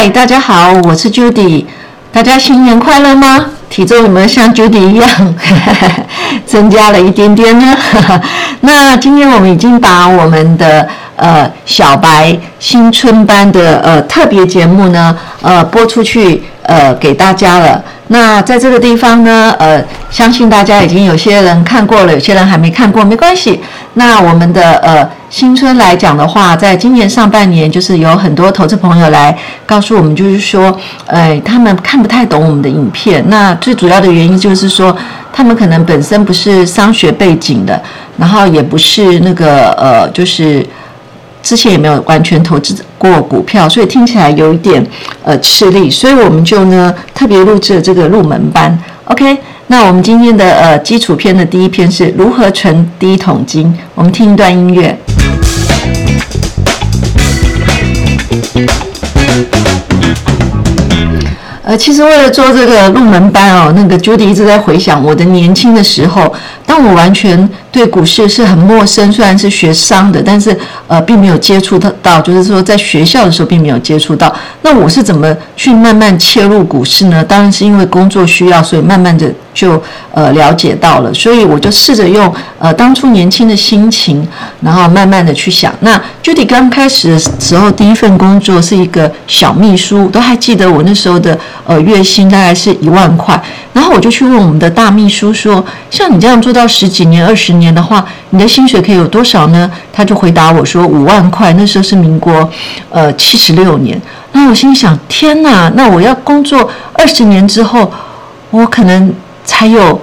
嗨，大家好，我是 Judy。大家新年快樂嗎？體重有沒有像 Judy 一樣呵呵增加了一點點呢？那今天我們已經把我們的呃小白新春班的呃特別節目呢呃播出去呃給大家了。那在這個地方呢呃相信大家已經有些人看過了，有些人還沒看過，沒關係。那我們的呃。新春來講的話，在今年上半年，就是有很多投資朋友來告訴我們，就是說，呃、哎，他們看不太懂我們的影片。那最主要的原因就是說，他們可能本身不是商學背景的，然後也不是那個呃，就是之前也沒有完全投資過股票，所以聽起來有一點呃吃力。所以我們就呢特別錄製了這個入門班。OK，那我們今天的呃基礎篇的第一篇是如何存第一桶金。我們聽一段音樂。呃，其實為了做這個入門班哦，那個 Judy 一直在回想我的年輕的時候。我完全對股市是很陌生，雖然是學商的，但是呃，並沒有接觸到，就是說在學校的時候並沒有接觸到。那我是怎麼去慢慢切入股市呢？當然是因為工作需要，所以慢慢的就呃了解到了。所以我就試着用呃當初年輕的心情，然後慢慢的去想。那具體剛開始的時候，第一份工作是一個小秘書，都還記得我那時候的呃月薪大概是一萬塊。然後我就去問我們的大秘書說，像你這樣做到。十幾年、二十年的話，你的薪水可以有多少呢？他就回答我說：“五萬塊，那時候是民國，呃，七十六年。”那我心裡想：“天哪，那我要工作二十年之後，我可能才有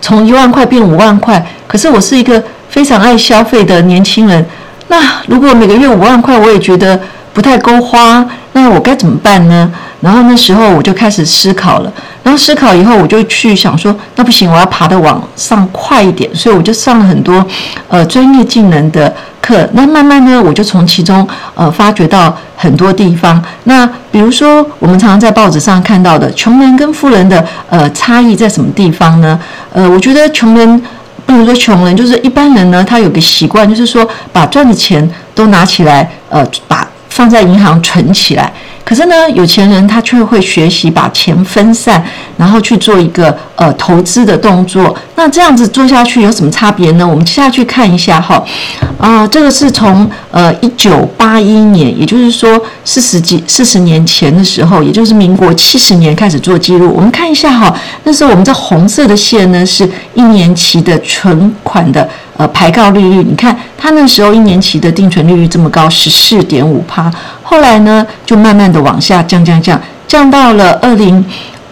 從一萬塊變五萬塊。可是我是一個非常愛消費的年輕人，那如果每個月五萬塊，我也覺得。”不太夠花，那我該怎麼辦呢？然後那時候我就開始思考了。然後思考以後，我就去想說，那不行，我要爬得往上快一點。所以我就上了很多呃專業技能的課。那慢慢呢，我就從其中呃發掘到很多地方。那比如說，我們常常在報紙上看到的，窮人跟富人的呃差異在什麼地方呢？呃，我覺得窮人，不能說窮人，就是一般人呢，他有個習慣，就是說把賺的錢都拿起來呃把。放在銀行存起來，可是呢，有錢人他卻會學習把錢分散，然後去做一個呃投資的動作。那這樣子做下去有什麼差別呢？我們接下去看一下哈、哦，啊、呃，這個是從呃一九八一年，也就是說四十幾四十年前的時候，也就是民國七十年開始做記錄。我們看一下哈、哦，那時候我們這紅色的線呢，是一年期的存款的。呃，牌告利率，率，你看它那時候一年期的定存利率，率這麼高，十四點五趴，後來呢就慢慢的往下降，降，降，降到了二零，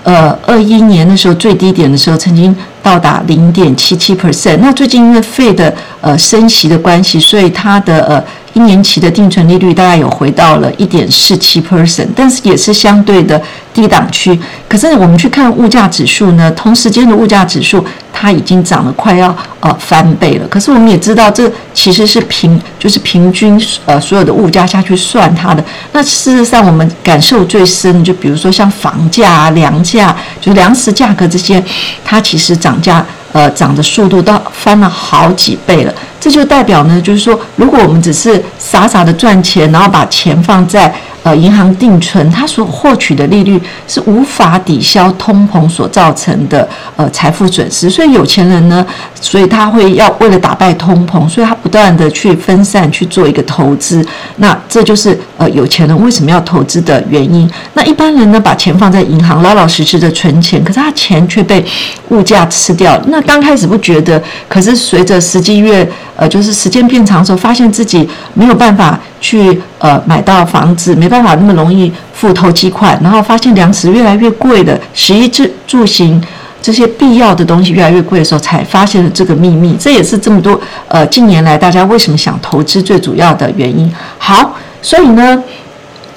呃二一年的時候最低點的時候，曾經到達零點七七 percent。那最近因為費的。呃，升息的關係，所以它的呃一年期的定存利率大概有回到了一點四七 percent，但是也是相對的低檔區。可是我們去看物價指數呢，同時間的物價指數它已經漲了快要呃翻倍了。可是我們也知道，這其實是平就是平均呃所有的物價下去算它的。那事實上，我們感受最深的就比如說像房價啊、糧價，就糧食價格這些，它其實漲價。呃，漲的速度都翻了好幾倍了，這就代表呢，就是說，如果我們只是傻傻的賺錢，然後把錢放在呃銀行定存，它所獲取的利率是無法抵消通膨所造成的呃財富損失。所以有錢人呢，所以他會要為了打敗通膨，所以他。不斷的去分散去做一個投資，那這就是呃有錢人為什麼要投資的原因。那一般人呢，把錢放在銀行，老老實實的存錢，可是他錢卻被物價吃掉。那剛開始不覺得，可是隨着時間越呃，就是時間變長的時候，發現自己沒有辦法去呃買到房子，沒辦法那麼容易付頭期款，然後發現糧食越來越貴的，食衣住住行，這些必要的東西越來越貴的時候，才發現了這個祕密。這也是這麼多呃近年來大家為什麼想投資最主要的原因。好，所以呢，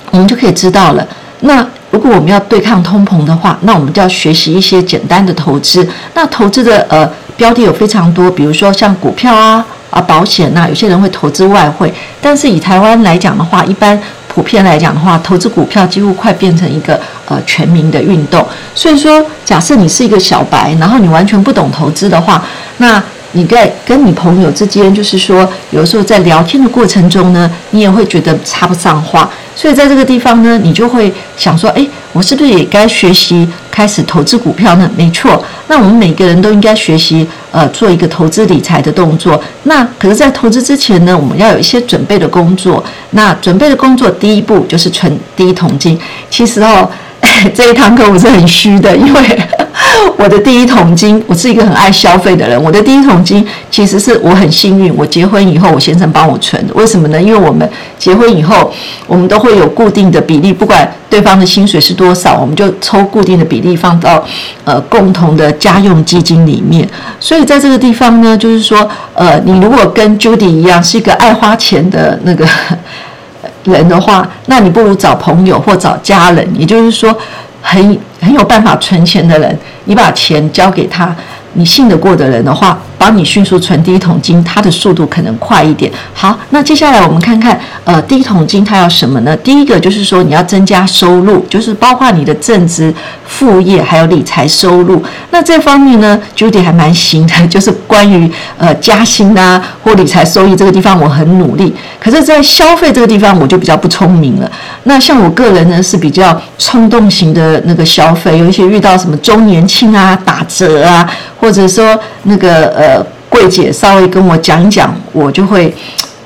我們就可以知道了。那如果我們要對抗通膨的話，那我們就要學習一些簡單的投資。那投資的呃標的有非常多，比如說像股票啊、啊保險吶、啊，有些人會投資外匯。但是以台灣來講的話，一般普遍來講的話，投資股票幾乎快變成一個。呃，全民的運動，所以說，假設你是一個小白，然後你完全不懂投資的話，那你在跟你朋友之間，就是說，有時候在聊天的過程中呢，你也會覺得插不上話，所以在這個地方呢，你就會想說，哎、欸，我是不是也該學習開始投資股票呢？沒錯，那我們每個人都應該學習呃，做一個投資理財的動作。那可是，在投資之前呢，我們要有一些準備的工作。那準備的工作，第一步就是存第一桶金。其實哦。這一堂課我是很虛的，因為我的第一桶金，我是一個很愛消費的人。我的第一桶金其實是我很幸運，我結婚以後，我先生幫我存的。為什麼呢？因為我們結婚以後，我們都會有固定的比例，不管對方的薪水是多少，我們就抽固定的比例放到呃共同的家用基金裡面。所以在這個地方呢，就是說，呃，你如果跟 Judy 一樣，是一個愛花錢的那個。人的話，那你不如找朋友或找家人，也就是說很，很很有辦法存錢的人，你把錢交給他。你信得過的人的話，幫你迅速存第一桶金，它的速度可能快一點。好，那接下來我們看看，呃，第一桶金它要什麼呢？第一個就是說你要增加收入，就是包括你的正職、副業還有理財收入。那這方面呢，Judy 還蠻行的，就是關於呃加薪啊或理財收益這個地方，我很努力。可是，在消費這個地方，我就比較不聰明了。那像我個人呢，是比較衝動型的那個消費，有一些遇到什麼週年慶啊、打折啊。或者說那個呃櫃姐稍微跟我講講，我就會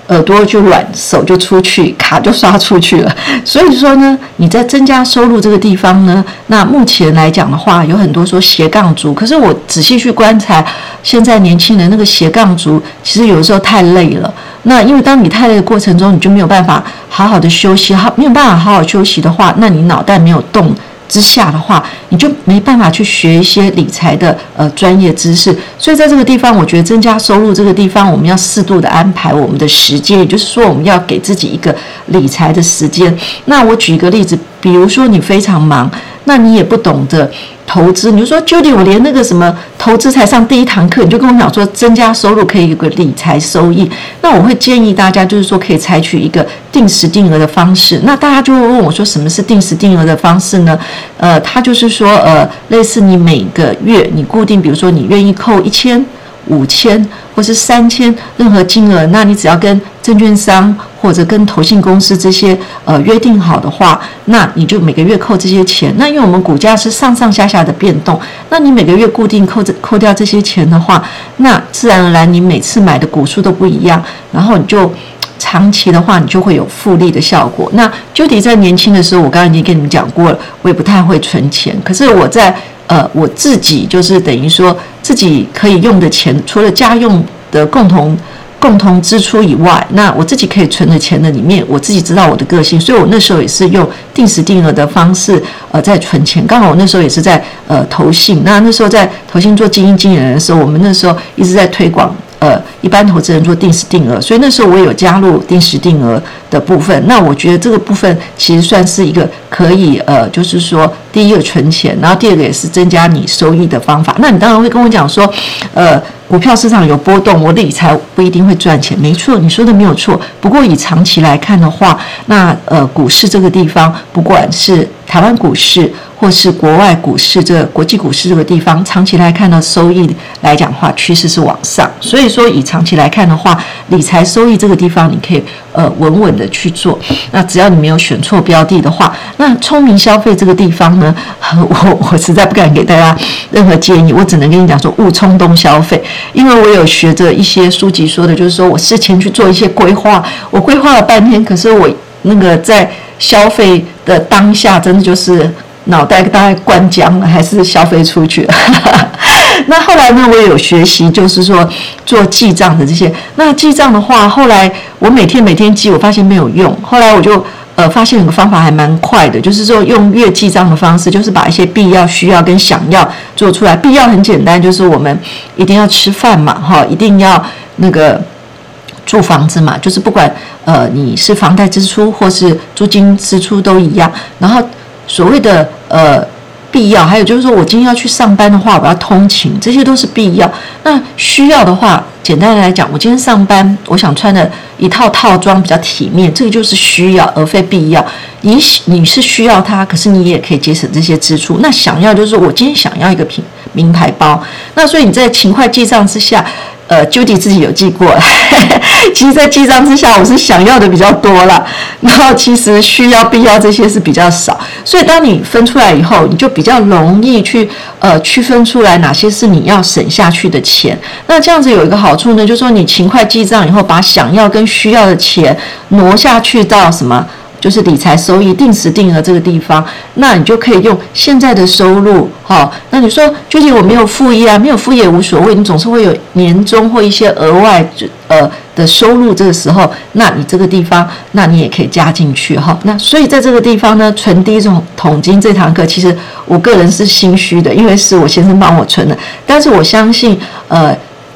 耳朵就軟，手就出去，卡就刷出去了。所以說呢，你在增加收入這個地方呢，那目前來講的話，有很多說斜槓族。可是我仔細去觀察，現在年輕人那個斜槓族，其實有的時候太累了。那因為當你太累的過程中，你就沒有辦法好好的休息，好沒有辦法好好休息的話，那你腦袋沒有動。之下的話，你就沒辦法去學一些理財的呃專業知識。所以在這個地方，我覺得增加收入這個地方，我們要適度的安排我們的時間，也就是說，我們要給自己一個理財的時間。那我舉一個例子，比如說你非常忙。那你也不懂得投資，你就說 Judy，我連那個什麼投資才上第一堂課，你就跟我講說增加收入可以有個理財收益。那我會建議大家就是說可以採取一個定時定額的方式。那大家就會問我說什麼是定時定額的方式呢？呃，他就是說呃，類似你每個月你固定，比如說你願意扣一千。五千或是三千，任何金額，那你只要跟證券商或者跟投信公司這些呃約定好的話，那你就每個月扣這些錢。那因為我們股價是上上下下的變動，那你每個月固定扣這扣掉這些錢的話，那自然而然你每次買的股數都不一樣，然後你就長期的話，你就會有複利的效果。那 Judy 在年輕的時候，我剛剛已經跟你們講過了，我也不太會存錢，可是我在。呃，我自己就是等於說，自己可以用的錢，除了家用的共同共同支出以外，那我自己可以存的錢的裡面，我自己知道我的個性，所以我那時候也是用定時定額的方式，呃，在存錢。剛好我那時候也是在呃投信，那那時候在投信做基金經理人的時候，我們那時候一直在推廣。一般投資人做定時定額，所以那時候我也有加入定時定額的部分。那我覺得這個部分其實算是一個可以，呃，就是說，第一個存錢，然後第二個也是增加你收益的方法。那你當然會跟我講說，呃，股票市場有波動，我理財不一定會賺錢。沒錯，你說的沒有錯。不過以長期來看的話，那呃，股市這個地方不管是。台灣股市或是國外股市，這個國際股市這個地方，長期來看的收益來講的話，趨勢是往上。所以說，以長期來看的話，理財收益這個地方，你可以呃穩穩的去做。那只要你沒有選錯標的的話，那聰明消費這個地方呢，我我實在不敢給大家任何建議，我只能跟你講說，勿衝動消費。因為我有學着一些書籍說的，就是說我事前去做一些規劃，我規劃了半天，可是我那個在。消費的當下，真的就是腦袋大概灌漿了，還是消費出去呵呵？那後來呢？我也有學習，就是說做記賬的這些。那記賬的話，後來我每天每天記，我發現沒有用。後來我就呃發現有個方法還蠻快的，就是說用月記賬的方式，就是把一些必要、需要跟想要做出來。必要很簡單，就是我們一定要吃飯嘛，哈，一定要那個。住房子嘛，就是不管呃你是房貸支出或是租金支出都一樣。然後所謂的呃必要，還有就是說我今天要去上班的話，我要通勤，這些都是必要。那需要的話，簡單來講，我今天上班，我想穿的一套套裝比較體面，這個就是需要而非必要。你你是需要它，可是你也可以節省這些支出。那想要就是說我今天想要一個品名牌包，那所以你在勤快記賬之下，呃，Judy 自己有記過？呵呵，其實，在記賬之下，我是想要的比較多了，然後其實需要、必要這些是比較少。所以，當你分出來以後，你就比較容易去呃區分出來哪些是你要省下去的錢。那這樣子有一個好處呢，就是說你勤快記賬以後，把想要跟需要的錢挪下去到什麼？就是理財收益定時定額這個地方，那你就可以用現在的收入，哈、哦。那你說究竟我沒有副業啊，沒有副業也無所謂，你總是會有年終或一些額外呃的收入，這個時候，那你這個地方，那你也可以加進去哈、哦。那所以在這個地方呢，存第一桶金這堂課，其實我個人是心虛的，因為是我先生幫我存的，但是我相信呃。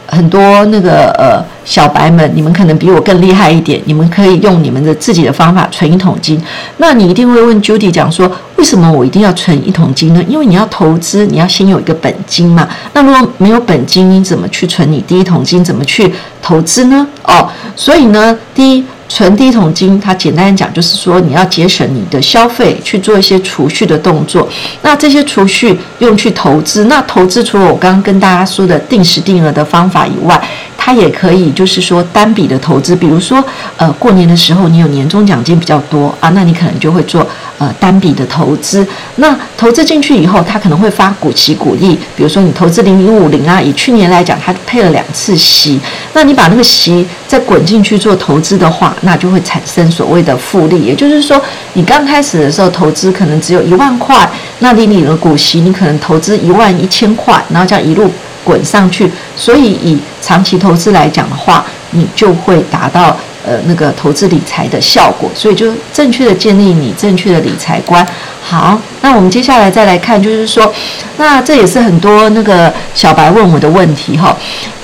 很多那個呃小白們，你們可能比我更厲害一點，你們可以用你們的自己的方法存一桶金。那你一定會問 Judy 講說，為什麼我一定要存一桶金呢？因為你要投資，你要先有一個本金嘛。那如果沒有本金，你怎麼去存你第一桶金？怎麼去投資呢？哦，所以呢，第一。存第一桶金，它簡單講就是說，你要節省你的消費，去做一些儲蓄的動作。那這些儲蓄用去投資，那投資除了我剛剛跟大家說的定時定額的方法以外，它也可以就是說單筆的投資，比如說呃，過年的時候你有年終獎金比較多啊，那你可能就會做。呃，單筆的投資，那投資進去以後，它可能會發股息股利。比如說，你投資零零五零啊，以去年來講，它配了兩次息。那你把那個息再滾進去做投資的話，那就會產生所謂的複利。也就是說，你剛開始的時候投資可能只有一萬塊，那你領了股息，你可能投資一萬一千塊，然後這樣一路滾上去。所以，以長期投資來講的話，你就會達到。呃，那個投資理財的效果，所以就正確的建立你正確的理財觀。好，那我們接下來再來看，就是說，那這也是很多那個小白問我的問題哈、哦。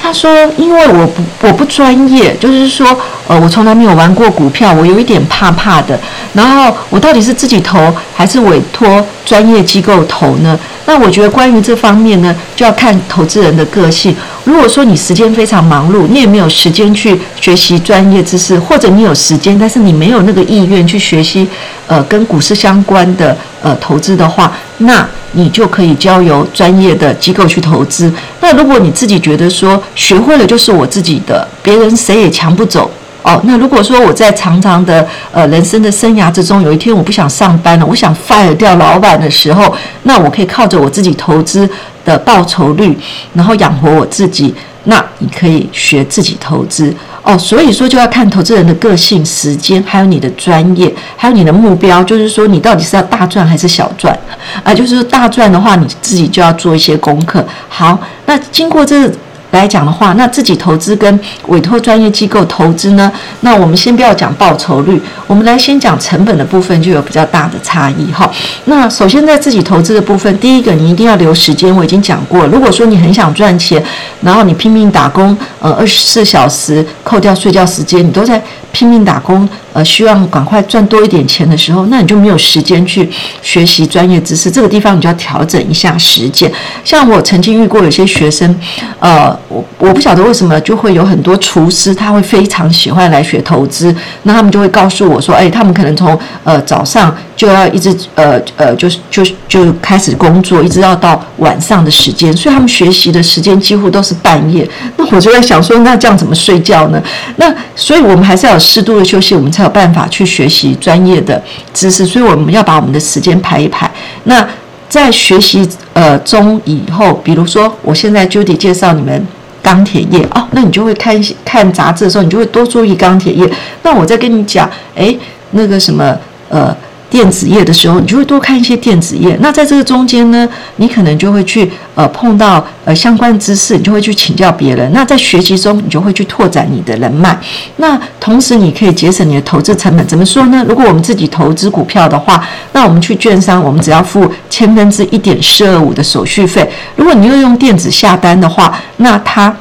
他說，因為我不我不專業，就是說，呃，我從來沒有玩過股票，我有一點怕怕的。然後我到底是自己投還是委托專業機構投呢？那我覺得關於這方面呢，就要看投資人的個性。如果說你時間非常忙碌，你也沒有時間去學習專業知識，或者你有時間，但是你沒有那個意願去學習，呃，跟股市相關的呃投資的話，那你就可以交由專業的機構去投資。那如果你自己覺得說學會了就是我自己的，別人誰也搶不走。哦，那如果說我在長長的呃人生的生涯之中，有一天我不想上班了，我想 fire 掉老闆的時候，那我可以靠着我自己投資的報酬率，然後養活我自己。那你可以學自己投資哦，所以說就要看投資人的個性、時間，還有你的專業，還有你的目標，就是說你到底是要大賺還是小賺啊？就是說大賺的話，你自己就要做一些功課。好，那經過這。來講的話，那自己投資跟委托專業機構投資呢？那我們先不要講報酬率，我們來先講成本的部分，就有比較大的差異哈。那首先在自己投資的部分，第一個你一定要留時間，我已經講過了。如果說你很想賺錢，然後你拼命打工，呃，二十四小時扣掉睡覺時間，你都在拼命打工。呃，希望趕快賺多一點錢的時候，那你就沒有時間去學習專業知識。這個地方你就要調整一下時間。像我曾經遇過有些學生，呃，我我不曉得為什麼就會有很多廚師，他會非常喜歡來學投資。那他們就會告訴我說：“哎、欸，他們可能從呃早上就要一直呃呃，就是就就開始工作，一直要到到晚上的時間，所以他們學習的時間幾乎都是半夜。”那我就在想說：“那這樣怎麼睡覺呢？”那所以我們還是要適度的休息，我們才。有辦法去學習專業的知識，所以我們要把我們的時間排一排。那在學習呃中以後，比如說我現在就得介紹你們鋼鐵業哦，那你就會看看雜誌的時候，你就會多注意鋼鐵業。那我再跟你講，哎，那個什麼呃。電子業的時候，你就會多看一些電子業。那在這個中間呢，你可能就會去呃碰到呃相關知識，你就會去請教別人。那在學習中，你就會去拓展你的人脈。那同時，你可以節省你的投資成本。怎麼說呢？如果我們自己投資股票的話，那我們去券商，我們只要付千分之一點四二五的手續費。如果你又用電子下單的話，那他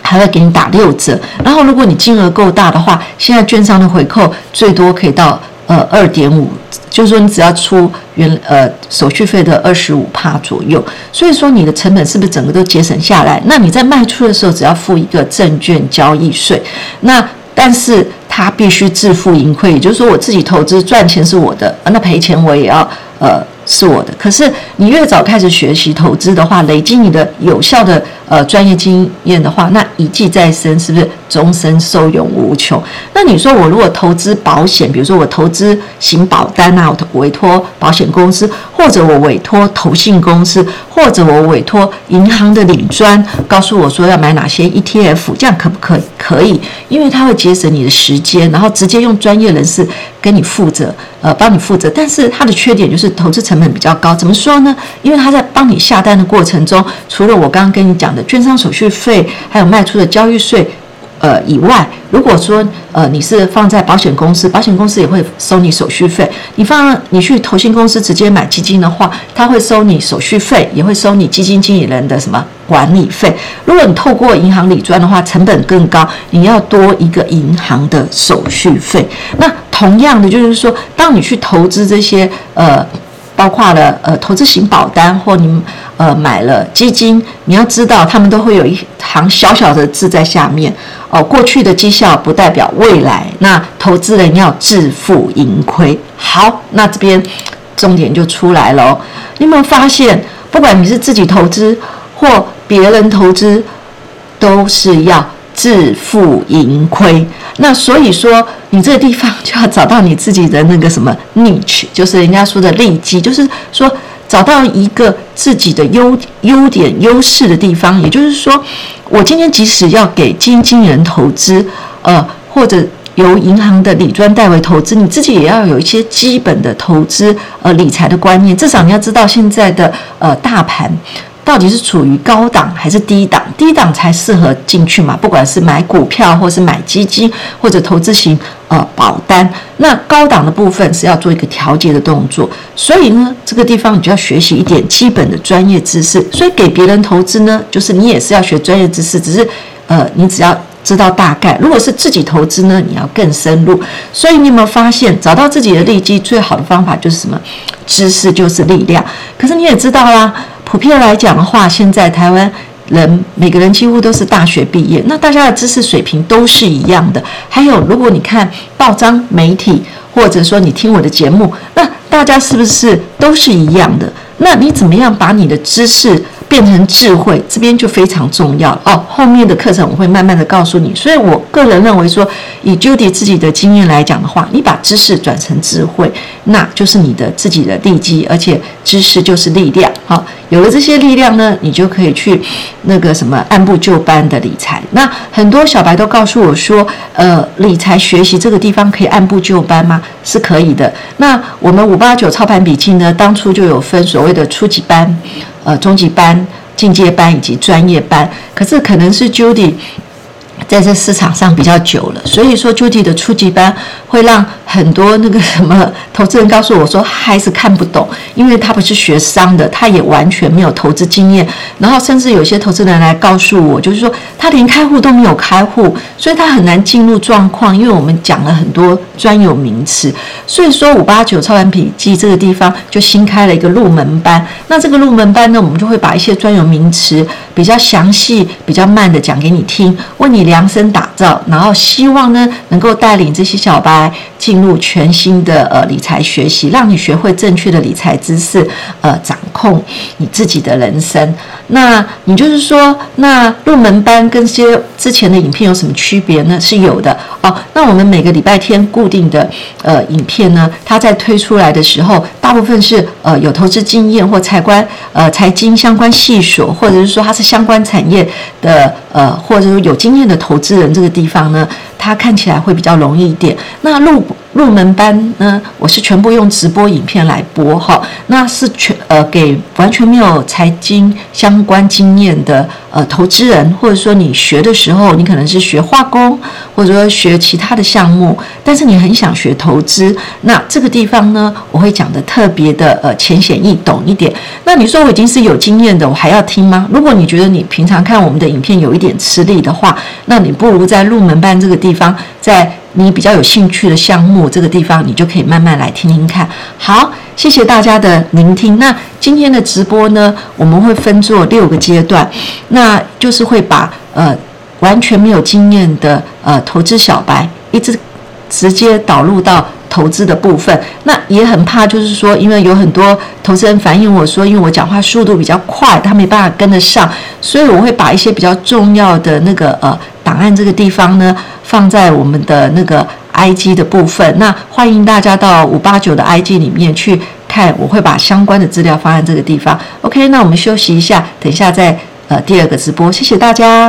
還會給你打六折。然後，如果你金額夠大的話，現在券商的回扣最多可以到。呃，二點五，就是說你只要出原呃手續費的二十五趴左右，所以說你的成本是不是整個都節省下來？那你在賣出的時候只要付一個證券交易稅，那但是它必須自負盈虧，也就是說我自己投資賺錢是我的，啊，那賠錢我也要呃是我的。可是你越早開始學習投資的話，累積你的有效的，呃，專業經驗的話，那一技在身，是不是終身受用無窮？那你說我如果投資保險，比如說我投資型保單啊，我委託保險公司，或者我委託投信公司，或者我委託銀行的領專，告訴我說要買哪些 ETF，這樣可不可以？可以，因為他會節省你的時間，然後直接用專業人士跟你負責，呃，幫你負責。但是他的缺點就是投資成本比較高。怎麼說呢？因為他在幫你下單的過程中，除了我剛剛跟你講。券商手續費，還有賣出的交易稅，呃，以外，如果說呃你是放在保險公司，保險公司也會收你手續費；你放你去投信公司直接買基金的話，他會收你手續費，也會收你基金經理人的什麼管理費。如果你透過銀行理專的話，成本更高，你要多一個銀行的手續費。那同樣的就是說，當你去投資這些呃，包括了呃投資型保單或你呃，買了基金，你要知道，他們都會有一行小小的字在下面哦。過去的績效不代表未來，那投資人要自負盈虧。好，那這邊重點就出來了哦。你有沒有發現，不管你是自己投資或別人投資，都是要自負盈虧。那所以說，你這個地方就要找到你自己的那個什麼 niche，就是人家說的利基，就是說。找到一個自己的優優點、優勢的地方，也就是說，我今天即使要給經紀人投資，呃，或者由銀行的理專代為投資，你自己也要有一些基本的投資呃理財的觀念，至少你要知道現在的呃大盤。到底是處於高檔還是低檔？低檔才適合進去嘛？不管是買股票，或是買基金，或者投資型呃保單，那高檔的部分是要做一個調節的動作。所以呢，這個地方你就要學習一點基本的專業知識。所以給別人投資呢，就是你也是要學專業知識，只是呃，你只要知道大概。如果是自己投資呢，你要更深入。所以你有沒有發現，找到自己的利基，最好的方法就是什麼？知識就是力量。可是你也知道啦、啊。普遍來講的話，現在台灣人每個人幾乎都是大學畢業，那大家的知識水平都是一樣的。還有，如果你看報章媒體，或者說你聽我的節目，那大家是不是都是一樣的？那你怎麼樣把你的知識變成智慧，這邊就非常重要哦。後面的課程我會慢慢的告訴你。所以我個人認為說，以 Judy 自己的經驗來講的話，你把知識轉成智慧，那就是你的自己的地基，而且知識就是力量。好、哦，有了這些力量呢，你就可以去那個什麼按部就班的理財。那很多小白都告訴我說，呃，理財學習這個地方可以按部就班嗎？是可以的。那我們五八九操盤筆記呢，當初就有分所謂的初級班。呃，中級班、進階班以及專業班，可是可能是 Judy 在這市場上比較久了，所以說 Judy 的初級班會讓很多那個什麼投資人告訴我說還是看不懂，因為他不是學商的，他也完全沒有投資經驗。然後甚至有些投資人來告訴我，就是說他連開戶都沒有開戶，所以他很難進入狀況，因為我們講了很多專有名詞，所以說五八九操盤筆記這個地方就新開了一個入門班。那這個入門班呢，我們就會把一些專有名詞。比較詳細，比較慢的講給你聽，為你量身打造，然後希望呢能夠帶領這些小白進入全新的呃理財學習，讓你學會正確的理財知識，呃，掌控你自己的人生。那你就是說，那入門班跟些之前的影片有什麼區別呢？是有的哦。那我們每個禮拜天固定的呃影片呢，它在推出來的時候，大部分是呃有投資經驗或財關呃財經相關系所，或者是說它是。相關產業的呃，或者說有經驗的投資人，這個地方呢，他看起來會比較容易一點。那入入門班呢，我是全部用直播影片來播哈，那是全。呃，給完全沒有財經相關經驗的呃投資人，或者說你學的時候，你可能是學化工，或者說學其他的項目，但是你很想學投資，那這個地方呢，我會講得特別的呃淺顯易懂一點。那你說我已經是有經驗的，我還要聽嗎？如果你覺得你平常看我們的影片有一點吃力的話，那你不如在入門班這個地方，在你比較有興趣的項目這個地方，你就可以慢慢來聽聽看。好。謝謝大家的聆聽。那今天的直播呢，我們會分做六個階段，那就是會把呃完全沒有經驗的呃投資小白，一直直接導入到投資的部分。那也很怕就是說，因為有很多投資人反映我說，因為我講話速度比較快，他沒辦法跟得上，所以我會把一些比較重要的那個呃檔案這個地方呢，放在我們的那個。IG 的部分，那歡迎大家到五八九的 IG 裡面去看，我會把相關的資料放在這個地方。OK，那我們休息一下，等一下再呃第二個直播，謝謝大家。